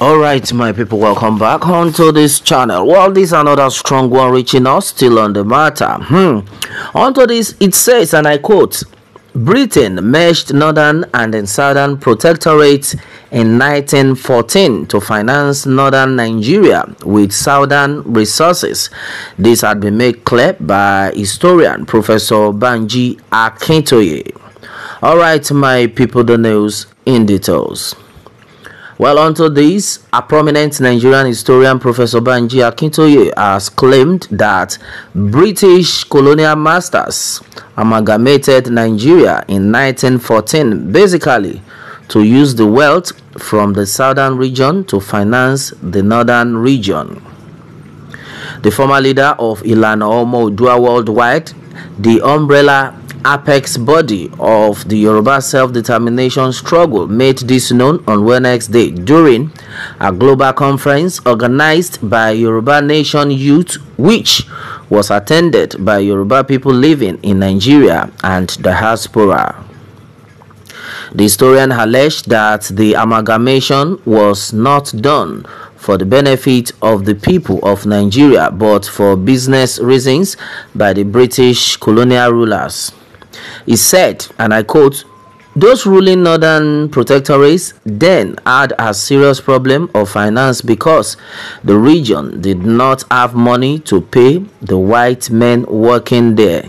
all right my people welcome back onto this channel well this another strong one reaching us still on the matter hmm onto this it says and i quote britain merged northern and then southern protectorates in 1914 to finance northern nigeria with southern resources this had been made clear by historian professor banji akintoye all right my people the news in details well, onto this, a prominent Nigerian historian, Professor Banji Akintoye, has claimed that British colonial masters amalgamated Nigeria in 1914, basically to use the wealth from the southern region to finance the northern region. The former leader of Ilan Omo Dua Worldwide, the umbrella apex body of the Yoruba self-determination struggle made this known on Wednesday during a global conference organized by Yoruba Nation Youth which was attended by Yoruba people living in Nigeria and diaspora. The historian alleged that the amalgamation was not done for the benefit of the people of Nigeria but for business reasons by the British colonial rulers. He said, and I quote, those ruling northern protectorates then had a serious problem of finance because the region did not have money to pay the white men working there.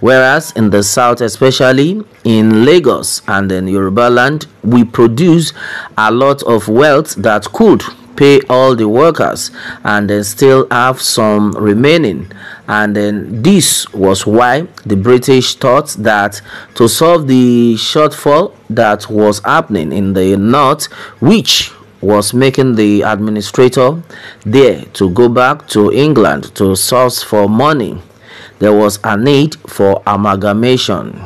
Whereas in the south, especially in Lagos and in Yoruba land, we produce a lot of wealth that could pay all the workers and then still have some remaining and then this was why the british thought that to solve the shortfall that was happening in the north which was making the administrator there to go back to england to source for money there was a need for amalgamation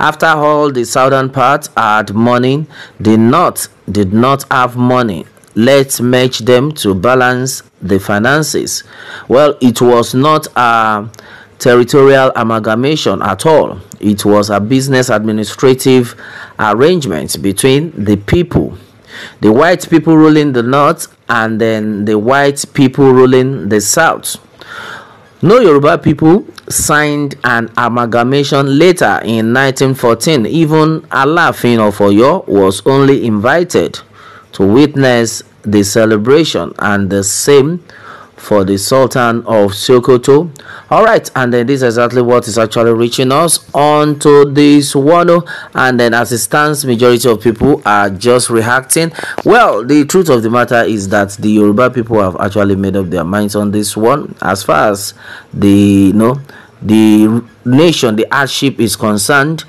after all the southern part had money the north did not have money let's match them to balance the finances. Well, it was not a territorial amalgamation at all. It was a business administrative arrangement between the people, the white people ruling the north, and then the white people ruling the south. No Yoruba people signed an amalgamation later in 1914. Even Alaafin of Oyo was only invited to witness the celebration and the same for the Sultan of Sokoto. All right, and then this is exactly what is actually reaching us onto this one. And then as it stands, majority of people are just reacting. Well, the truth of the matter is that the Yoruba people have actually made up their minds on this one. As far as the you know the nation, the hardship is concerned,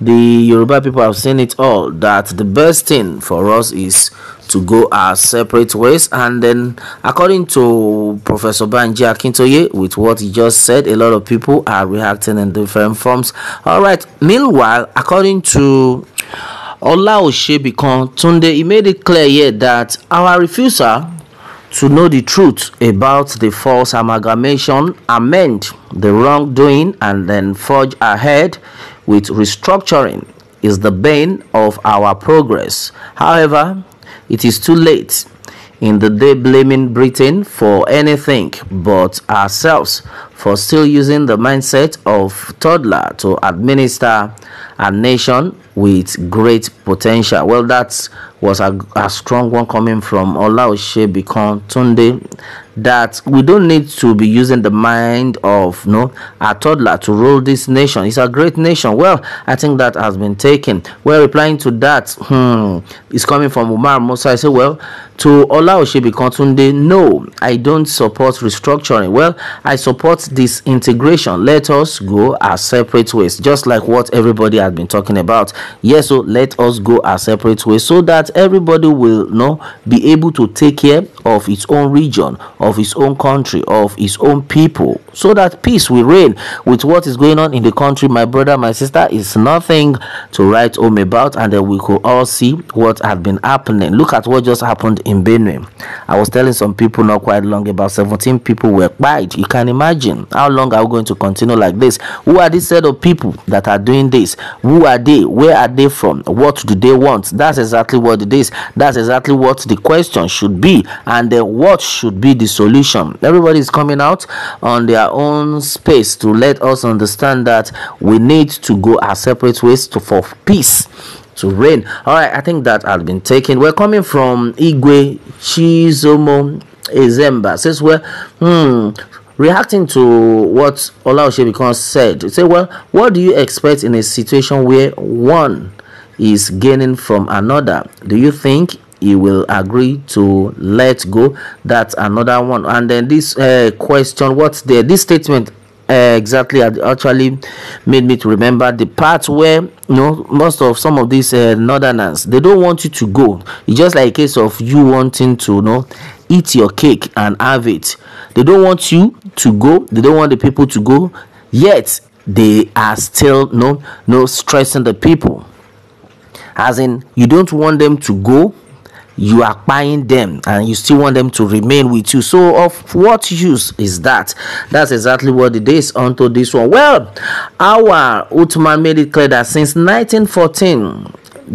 the Yoruba people have seen it all that the best thing for us is to go our separate ways. And then, according to Professor Banji Akintoye, with what he just said, a lot of people are reacting in different forms. All right, meanwhile, according to Ola Osebikon Tunde, he made it clear here that our refusal to know the truth about the false amalgamation, amend the wrongdoing, and then forge ahead with restructuring is the bane of our progress. However, it is too late in the day blaming Britain for anything but ourselves for still using the mindset of toddler to administer a nation with great potential. Well, that was a, a strong one coming from Olaoshe become Tunde that we don't need to be using the mind of you no know, a toddler to rule this nation it's a great nation well i think that has been taken We are replying to that hmm it's coming from umar musa i say well to be Kontunde, no, I don't support restructuring. Well, I support this integration. Let us go our separate ways, just like what everybody has been talking about. Yes, so let us go our separate ways so that everybody will you know, be able to take care of its own region, of of his own country, of his own people, so that peace will reign with what is going on in the country. My brother, my sister, is nothing to write home about, and then we could all see what had been happening. Look at what just happened in Benue. I was telling some people not quite long about 17 people were quiet. You can imagine how long are we going to continue like this? Who are this set of people that are doing this? Who are they? Where are they from? What do they want? That's exactly what it is. That's exactly what the question should be, and then what should be the solution. Everybody is coming out on their own space to let us understand that we need to go our separate ways to, for peace to reign. All right, I think that has been taken. We're coming from Igwe Chizomo Ezemba. Says, well, hmm, reacting to what Olaoshebikon said, say, well, what do you expect in a situation where one is gaining from another? Do you think he will agree to let go that's another one and then this uh, question what's there this statement uh, exactly actually made me to remember the part where you know most of some of these uh, northerners they don't want you to go it's just like a case of you wanting to you know eat your cake and have it they don't want you to go they don't want the people to go yet they are still you no know, no stressing the people as in you don't want them to go you are buying them and you still want them to remain with you so of what use is that that's exactly what it is onto this one well our Uthman made it clear that since 1914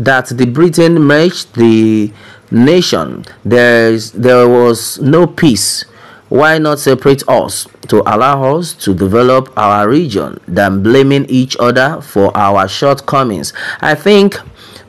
that the britain merged the nation there is there was no peace why not separate us to allow us to develop our region than blaming each other for our shortcomings i think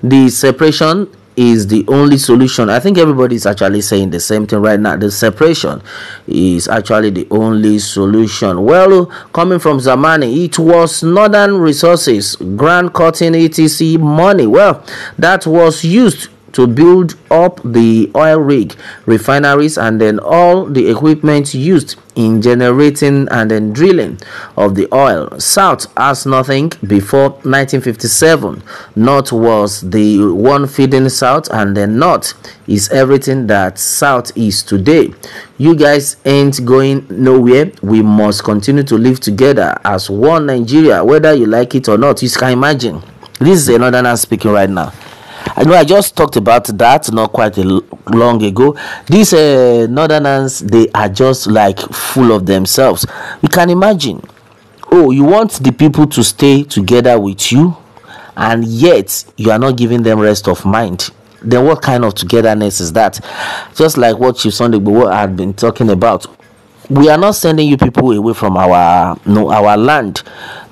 the separation is the only solution. I think everybody is actually saying the same thing right now. The separation is actually the only solution. Well, coming from Zamani, it was Northern Resources, Grand Cotton ETC money. Well, that was used to build up the oil rig, refineries, and then all the equipment used in generating and then drilling of the oil. South has nothing before 1957. North was the one feeding South, and then North is everything that South is today. You guys ain't going nowhere. We must continue to live together as one Nigeria, whether you like it or not. You can imagine. This is another man speaking right now. I know I just talked about that not quite a long ago. These uh, northerners, they are just like full of themselves. You can imagine. Oh, you want the people to stay together with you, and yet you are not giving them rest of mind. Then what kind of togetherness is that? Just like what Chief Sunday had been talking about, we are not sending you people away from our no our land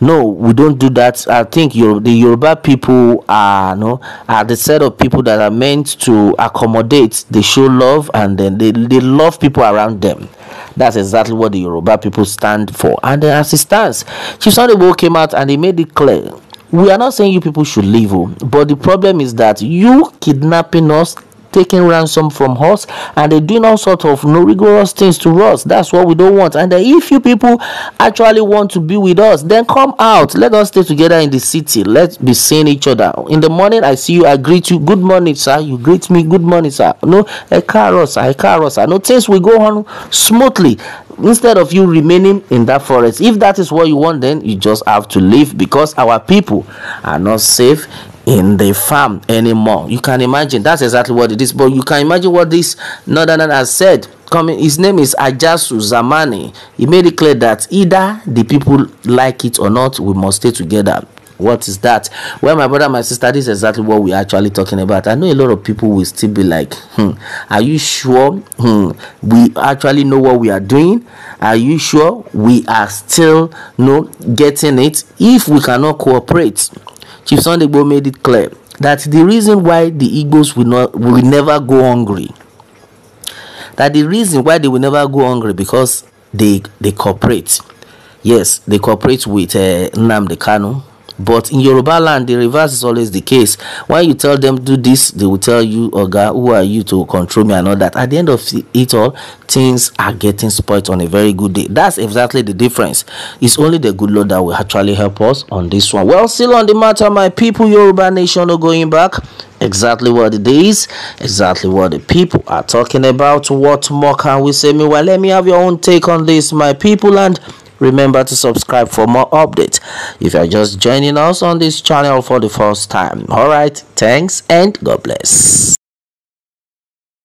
no we don't do that i think the yoruba people are no are the set of people that are meant to accommodate they show love and then they, they love people around them that's exactly what the yoruba people stand for and the assistance, it stands chief came out and he made it clear we are not saying you people should leave oh, but the problem is that you kidnapping us taking ransom from us and they're doing all sorts of no rigorous things to us. That's what we don't want. And if you people actually want to be with us, then come out. Let us stay together in the city. Let's be seeing each other. In the morning, I see you. I greet you. Good morning, sir. You greet me. Good morning, sir. No, I us. I us. I know things will go on smoothly instead of you remaining in that forest. If that is what you want, then you just have to leave because our people are not safe in the farm anymore. You can imagine that's exactly what it is, but you can imagine what this northerner has said. Coming, his name is Ajasu Zamani. He made it clear that either the people like it or not, we must stay together. What is that? Well, my brother, my sister, this is exactly what we're actually talking about. I know a lot of people will still be like, hmm, Are you sure hmm, we actually know what we are doing? Are you sure we are still no getting it? If we cannot cooperate, Chief Sunday made it clear that the reason why the Eagles will not will never go hungry, that the reason why they will never go hungry because they they cooperate. Yes, they cooperate with uh, but in Yoruba land, the reverse is always the case. When you tell them do this, they will tell you, Oga, who are you to control me and all that. At the end of it all, things are getting spoiled on a very good day. That's exactly the difference. It's only the good Lord that will actually help us on this one. Well, still on the matter, my people, Yoruba nation are going back. Exactly what it is, exactly what the people are talking about. What more can we say? Meanwhile, let me have your own take on this, my people, and Remember to subscribe for more updates if you're just joining us on this channel for the first time. Alright, thanks and God bless.